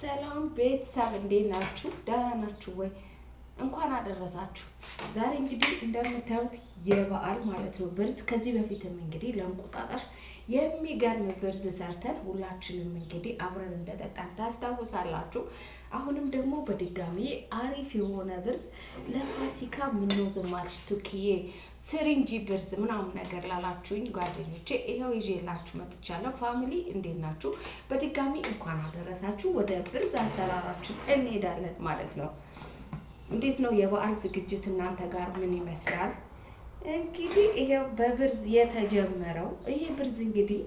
ሰላም ቤተሰብ እንዴት ናችሁ? ደህና ናችሁ ወይ? እንኳን አደረሳችሁ። ዛሬ እንግዲህ እንደምታዩት የበዓል ማለት ነው ብርዝ። ከዚህ በፊትም እንግዲህ ለእንቁጣጣሽ የሚገርም ብርዝ ሰርተን ሁላችንም እንግዲህ አብረን እንደጠጣን ታስታውሳላችሁ። አሁንም ደግሞ በድጋሚ አሪፍ የሆነ ብርዝ ለፋሲካ ምነው ቱክዬ ብርዝ ምናምን ነገር ላላችሁኝ ጓደኞቼ ይኸው ይዤላችሁ መጥቻለሁ። ፋሚሊ እንዴት ናችሁ? በድጋሚ እንኳን አደረሳችሁ። ወደ ብርዝ አሰራራችን እንሄዳለን ማለት ነው። እንዴት ነው የበዓል ዝግጅት እናንተ ጋር ምን ይመስላል? እንግዲህ ይሄው በብርዝ የተጀመረው ይሄ ብርዝ እንግዲህ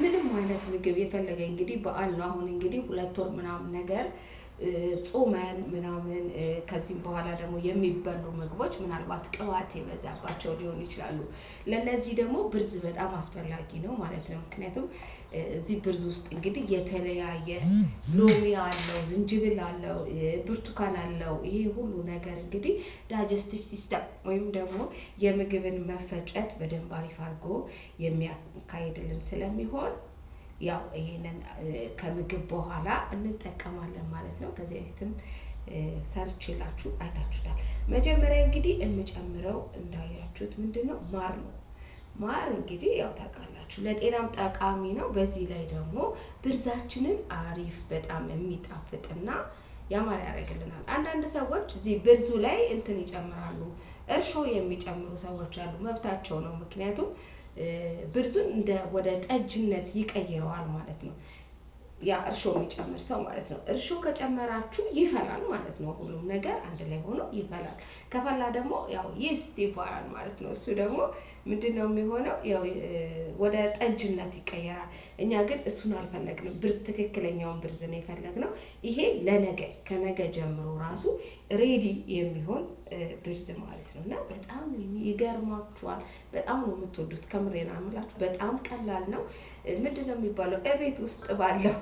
ምንም አይነት ምግብ የፈለገ እንግዲህ በዓል ነው። አሁን እንግዲህ ሁለት ወር ምናምን ነገር ጾመን ምናምን ከዚህም በኋላ ደግሞ የሚበሉ ምግቦች ምናልባት ቅባት የበዛባቸው ሊሆኑ ይችላሉ። ለነዚህ ደግሞ ብርዝ በጣም አስፈላጊ ነው ማለት ነው። ምክንያቱም እዚህ ብርዝ ውስጥ እንግዲህ የተለያየ ሎሚ አለው፣ ዝንጅብል አለው፣ ብርቱካን አለው። ይህ ሁሉ ነገር እንግዲህ ዳይጀስቲቭ ሲስተም ወይም ደግሞ የምግብን መፈጨት በደንብ አሪፍ አድርጎ የሚያካሄድልን ስለሚሆን ያው ይህንን ከምግብ በኋላ እንጠቀማለን ማለት ነው። ከዚህ በፊትም ሰርቼላችሁ አይታችሁታል። መጀመሪያ እንግዲህ የምጨምረው እንዳያችሁት ምንድን ነው ማር ነው። ማር እንግዲህ ያው ታውቃላችሁ ለጤናም ጠቃሚ ነው። በዚህ ላይ ደግሞ ብርዛችንን አሪፍ በጣም የሚጣፍጥና ያማር ያደርግልናል። አንዳንድ ሰዎች እዚህ ብርዙ ላይ እንትን ይጨምራሉ፣ እርሾ የሚጨምሩ ሰዎች አሉ። መብታቸው ነው። ምክንያቱም ብርዙን ወደ ጠጅነት ይቀይረዋል ማለት ነው። ያ እርሾ የሚጨምር ሰው ማለት ነው። እርሾ ከጨመራችሁ ይፈላል ማለት ነው። ሁሉም ነገር አንድ ላይ ሆኖ ይፈላል። ከፈላ ደግሞ ያው ይስት ይባላል ማለት ነው። እሱ ደግሞ ምንድን ነው የሚሆነው? ያው ወደ ጠጅነት ይቀየራል። እኛ ግን እሱን አልፈለግንም። ብርዝ ትክክለኛውን ብርዝ ነው የፈለግነው። ይሄ ለነገ ከነገ ጀምሮ ራሱ ሬዲ የሚሆን ብርዝ ማለት ነው። እና በጣም ይገርማችኋል። በጣም ነው የምትወዱት። ከምሬና ምላችሁ በጣም ቀላል ነው። ምንድን ነው የሚባለው? እቤት ውስጥ ባለው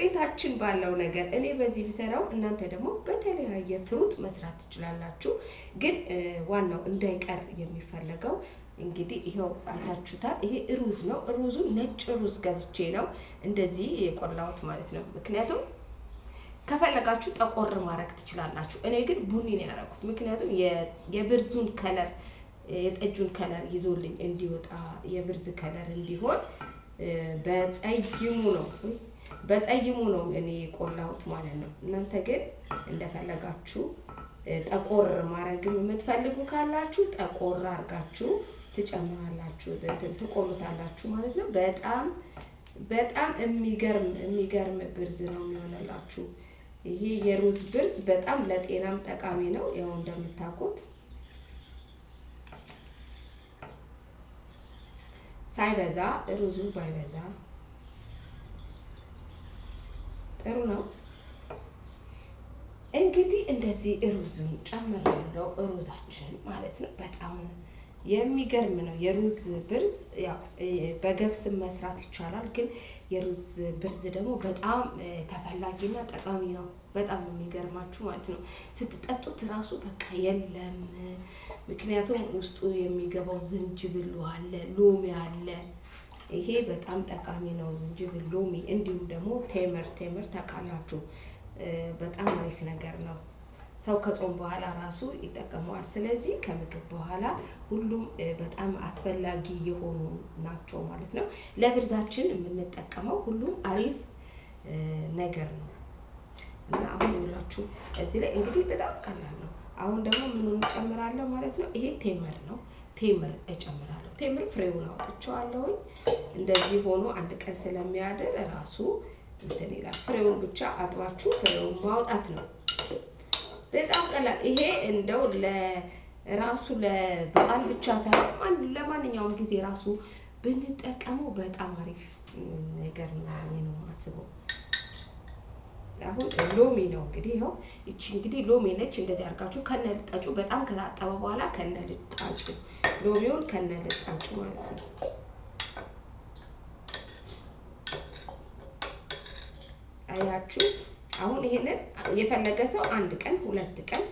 ቤታችን ባለው ነገር እኔ በዚህ ብሰራው እናንተ ደግሞ በተለያየ ፍሩት መስራት ትችላላችሁ። ግን ዋናው እንዳይቀር የሚፈለገው እንግዲህ ይኸው አይታችሁታል። ይሄ ሩዝ ነው። ሩዙን ነጭ ሩዝ ገዝቼ ነው እንደዚህ የቆላሁት ማለት ነው። ምክንያቱም ከፈለጋችሁ ጠቆር ማድረግ ትችላላችሁ። እኔ ግን ቡኒ ነው ያደረኩት፣ ምክንያቱም የብርዙን ከለር የጠጁን ከለር ይዞልኝ እንዲወጣ የብርዝ ከለር እንዲሆን በጸይሙ ነው በጸይሙ ነው እኔ የቆላሁት ማለት ነው። እናንተ ግን እንደፈለጋችሁ ጠቆር ማድረግም የምትፈልጉ ካላችሁ ጠቆር አድርጋችሁ ትጨምራላችሁ፣ ትቆሉታላችሁ ማለት ነው። በጣም በጣም የሚገርም የሚገርም ብርዝ ነው የሚሆንላችሁ። ይሄ የሩዝ ብርዝ በጣም ለጤናም ጠቃሚ ነው። ያው እንደምታውቁት ሳይበዛ ሩዙ ባይበዛ ጥሩ ነው። እንግዲህ እንደዚህ ሩዝን ጨምር ያለው ሩዛችን ማለት ነው። በጣም የሚገርም ነው። የሩዝ ብርዝ በገብስ መስራት ይቻላል፣ ግን የሩዝ ብርዝ ደግሞ በጣም ተፈላጊና ጠቃሚ ነው። በጣም የሚገርማችሁ ማለት ነው። ስትጠጡት ራሱ በቃ የለም። ምክንያቱም ውስጡ የሚገባው ዝንጅብሉ አለ፣ ሎሚ አለ ይሄ በጣም ጠቃሚ ነው። ዝንጅብል፣ ሎሚ እንዲሁም ደግሞ ቴምር ቴምር ታውቃላችሁ፣ በጣም አሪፍ ነገር ነው። ሰው ከጾም በኋላ ራሱ ይጠቀመዋል። ስለዚህ ከምግብ በኋላ ሁሉም በጣም አስፈላጊ የሆኑ ናቸው ማለት ነው። ለብርዛችን የምንጠቀመው ሁሉም አሪፍ ነገር ነው እና አሁን ይውላችሁ እዚህ ላይ እንግዲህ በጣም ቀላል ነው። አሁን ደግሞ ምን እንጨምራለን ማለት ነው? ይሄ ቴምር ነው። ቴምር እጨምራለሁ ቴምር ፍሬውን አውጥቼዋለሁኝ። እንደዚህ ሆኖ አንድ ቀን ስለሚያድር ራሱ እንትን ይላል። ፍሬውን ብቻ አጥባችሁ ፍሬውን ማውጣት ነው። በጣም ቀላል። ይሄ እንደው ለራሱ ለበዓል ብቻ ሳይሆን ለማንኛውም ጊዜ ራሱ ብንጠቀመው በጣም አሪፍ ነገር ነው ነው የማስበው። አሁን ሎሚ ነው እንግዲህ ይኸው እቺ እንግዲህ ሎሚ ነች። እንደዚህ አድርጋችሁ ከነ ልጣጩ በጣም ከታጠበ በኋላ ከነ ልጣጩ ሎሚውን ከነ ልጣጩ ማለት ነው አያችሁ። አሁን ይሄንን የፈለገ ሰው አንድ ቀን ሁለት ቀን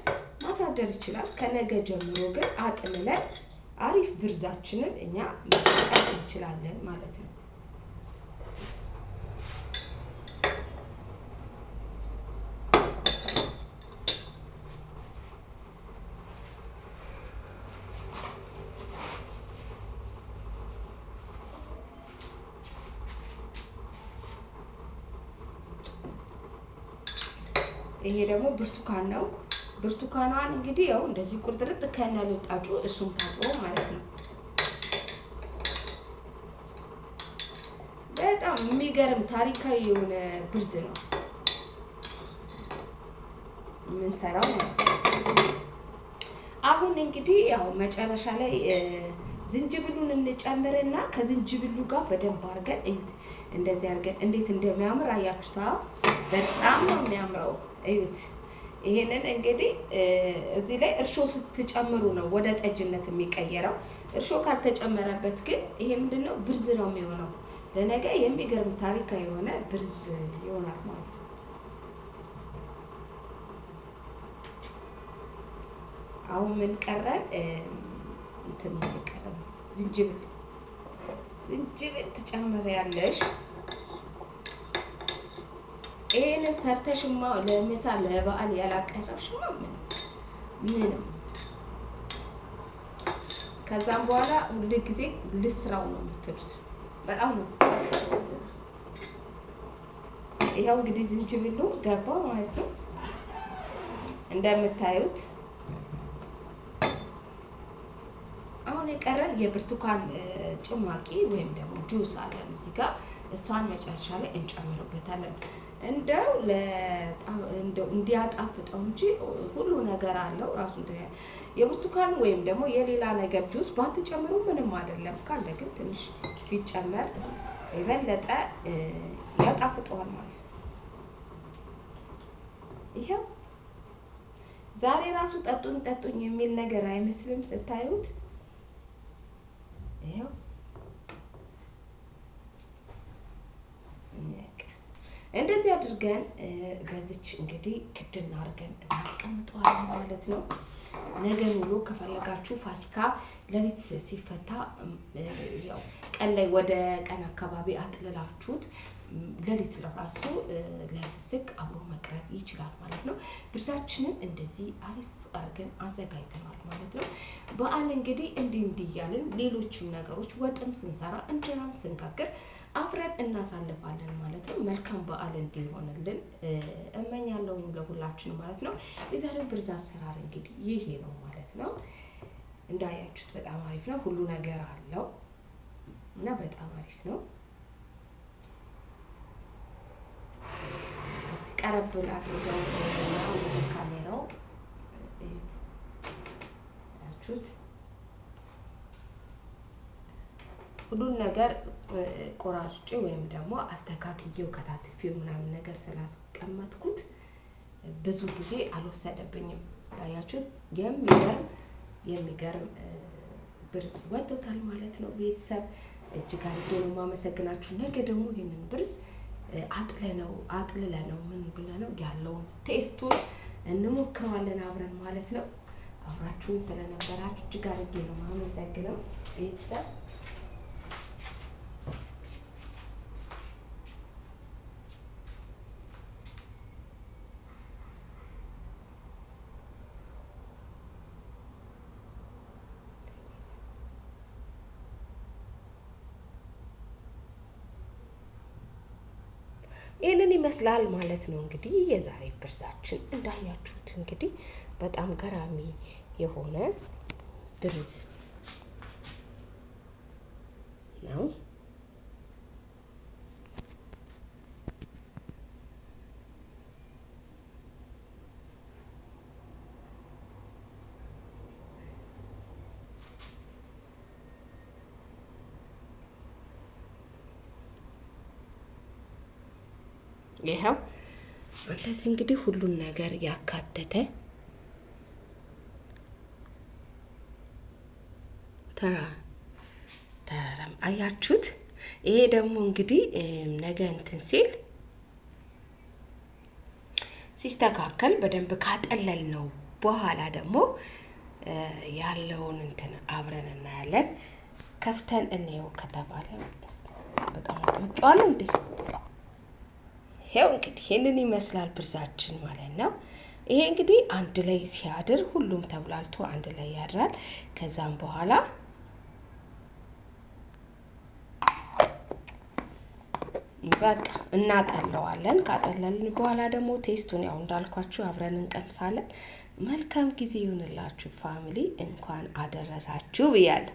ማሳደር ይችላል። ከነገ ጀምሮ ግን አጥልለን አሪፍ ብርዛችንን እኛ መጠቀም እንችላለን ማለት ነው። ይሄ ደግሞ ብርቱካን ነው። ብርቱካኗን እንግዲህ ያው እንደዚህ ቁርጥርጥ ከነ ልጣጩ እሱም ታጥቦ ማለት ነው። በጣም የሚገርም ታሪካዊ የሆነ ብርዝ ነው የምንሰራው ማለት ነው። አሁን እንግዲህ ያው መጨረሻ ላይ ዝንጅብሉን እንጨምርና ከዝንጅብሉ ጋር በደንብ አድርገን እዩት። እንደዚህ አድርገን እንዴት እንደሚያምር አያችሁታ። በጣም ነው የሚያምረው። እዩት። ይሄንን እንግዲህ እዚህ ላይ እርሾ ስትጨምሩ ነው ወደ ጠጅነት የሚቀየረው። እርሾ ካልተጨመረበት ግን ይሄ ምንድነው ብርዝ ነው የሚሆነው። ለነገ የሚገርም ታሪካዊ የሆነ ብርዝ ይሆናል ማለት ነው። አሁን ምን ቀረን? እንትን ምን ቀረን? ዝንጅብል ዝንጅብል ትጨምሪያለሽ። ይህንን ሰርተሽማ ለምሳ ለበዓል ያላቀረብሽማ ምንም ምንም። ከዛም በኋላ ሁል ጊዜ ልስራው ነው የምትሉት። በጣም ነው ይኸው እንግዲህ ዝንጅብሉ ገባ ማለት ነው። እንደምታዩት አሁን የቀረን የብርቱካን ጭማቂ ወይም ደግሞ ጁስ አለን እዚህ ጋር። እሷን መጨረሻ ላይ እንጨምርበታለን። እንደው እንዲያጣፍጠው እንጂ ሁሉ ነገር አለው ራሱ እንትን ያለ የብርቱካን ወይም ደግሞ የሌላ ነገር ጁስ ባትጨምሩ ምንም አይደለም። ካለ ግን ትንሽ ቢጨመር የበለጠ ያጣፍጠዋል ማለት ነው። ይኸው ዛሬ ራሱ ጠጡኝ ጠጡኝ የሚል ነገር አይመስልም ስታዩት ይኸው እንደዚህ አድርገን በዚች እንግዲህ ክድና አድርገን እናስቀምጠዋለን ማለት ነው። ነገ ሙሉ ከፈለጋችሁ ፋሲካ ሌሊት ሲፈታ ያው ቀን ላይ ወደ ቀን አካባቢ አጥልላችሁት ለሊት ለራሱ ለፍስክ አብሮ መቅረብ ይችላል ማለት ነው። ብርዛችንን እንደዚህ አሪፍ አድርገን አዘጋጅተናል ማለት ነው። በዓል እንግዲህ እንዲህ እንዲህ እያልን ሌሎችም ነገሮች ወጥም ስንሰራ እንጀራም ስንጋግር አብረን እናሳልፋለን ማለት ነው። መልካም በዓል እንዲሆንልን እመኛለሁ ለሁላችን ማለት ነው። የዛሬው ብርዝ አሰራር እንግዲህ ይሄ ነው ማለት ነው። እንዳያችሁት በጣም አሪፍ ነው። ሁሉ ነገር አለው እና በጣም አሪፍ ነው። ቀረብ አድርገው እንግዲህ ካሜራው ያችሁት ሁሉን ነገር ቆራርጬ ወይም ደግሞ አስተካክዬው ከታትፌው ምናምን ነገር ስላስቀመጥኩት ብዙ ጊዜ አልወሰደብኝም። ታያችሁት የሚገርም የሚገርም ብርዝ ወጥቶታል ማለት ነው። ቤተሰብ እጅግ አድርጌ ነው የማመሰግናችሁ። ነገ ደግሞ ይህንን ብርዝ አጥለነው አጥልለነው ምን ብለነው ያለውን ቴስቱን እንሞክረዋለን አብረን ማለት ነው። አብራችሁን ስለነበራችሁ እጅግ አድርጌ ነው የማመሰግነው ቤተሰብ። ይህንን ይመስላል ማለት ነው። እንግዲህ የዛሬ ብርዛችን እንዳያችሁት እንግዲህ በጣም ገራሚ የሆነ ብርዝ ነው። ይኸው እንደዚህ እንግዲህ ሁሉን ነገር ያካተተ ተራ ተራራም አያችሁት። ይሄ ደግሞ እንግዲህ ነገ እንትን ሲል ሲስተካከል በደንብ ካጠለል ነው በኋላ ደግሞ ያለውን እንትን አብረን እናያለን። ከፍተን እንየው ከተባለ በጣም ጥብቅ ዋለ እንዴ! ይኸው እንግዲህ ይህንን ይመስላል ብርዛችን ማለት ነው። ይሄ እንግዲህ አንድ ላይ ሲያድር ሁሉም ተብላልቶ አንድ ላይ ያድራል። ከዛም በኋላ በቃ እናጠለዋለን። ካጠለልን በኋላ ደግሞ ቴስቱን ያው እንዳልኳችሁ አብረን እንቀምሳለን። መልካም ጊዜ ይሁንላችሁ ፋሚሊ፣ እንኳን አደረሳችሁ ብያለሁ።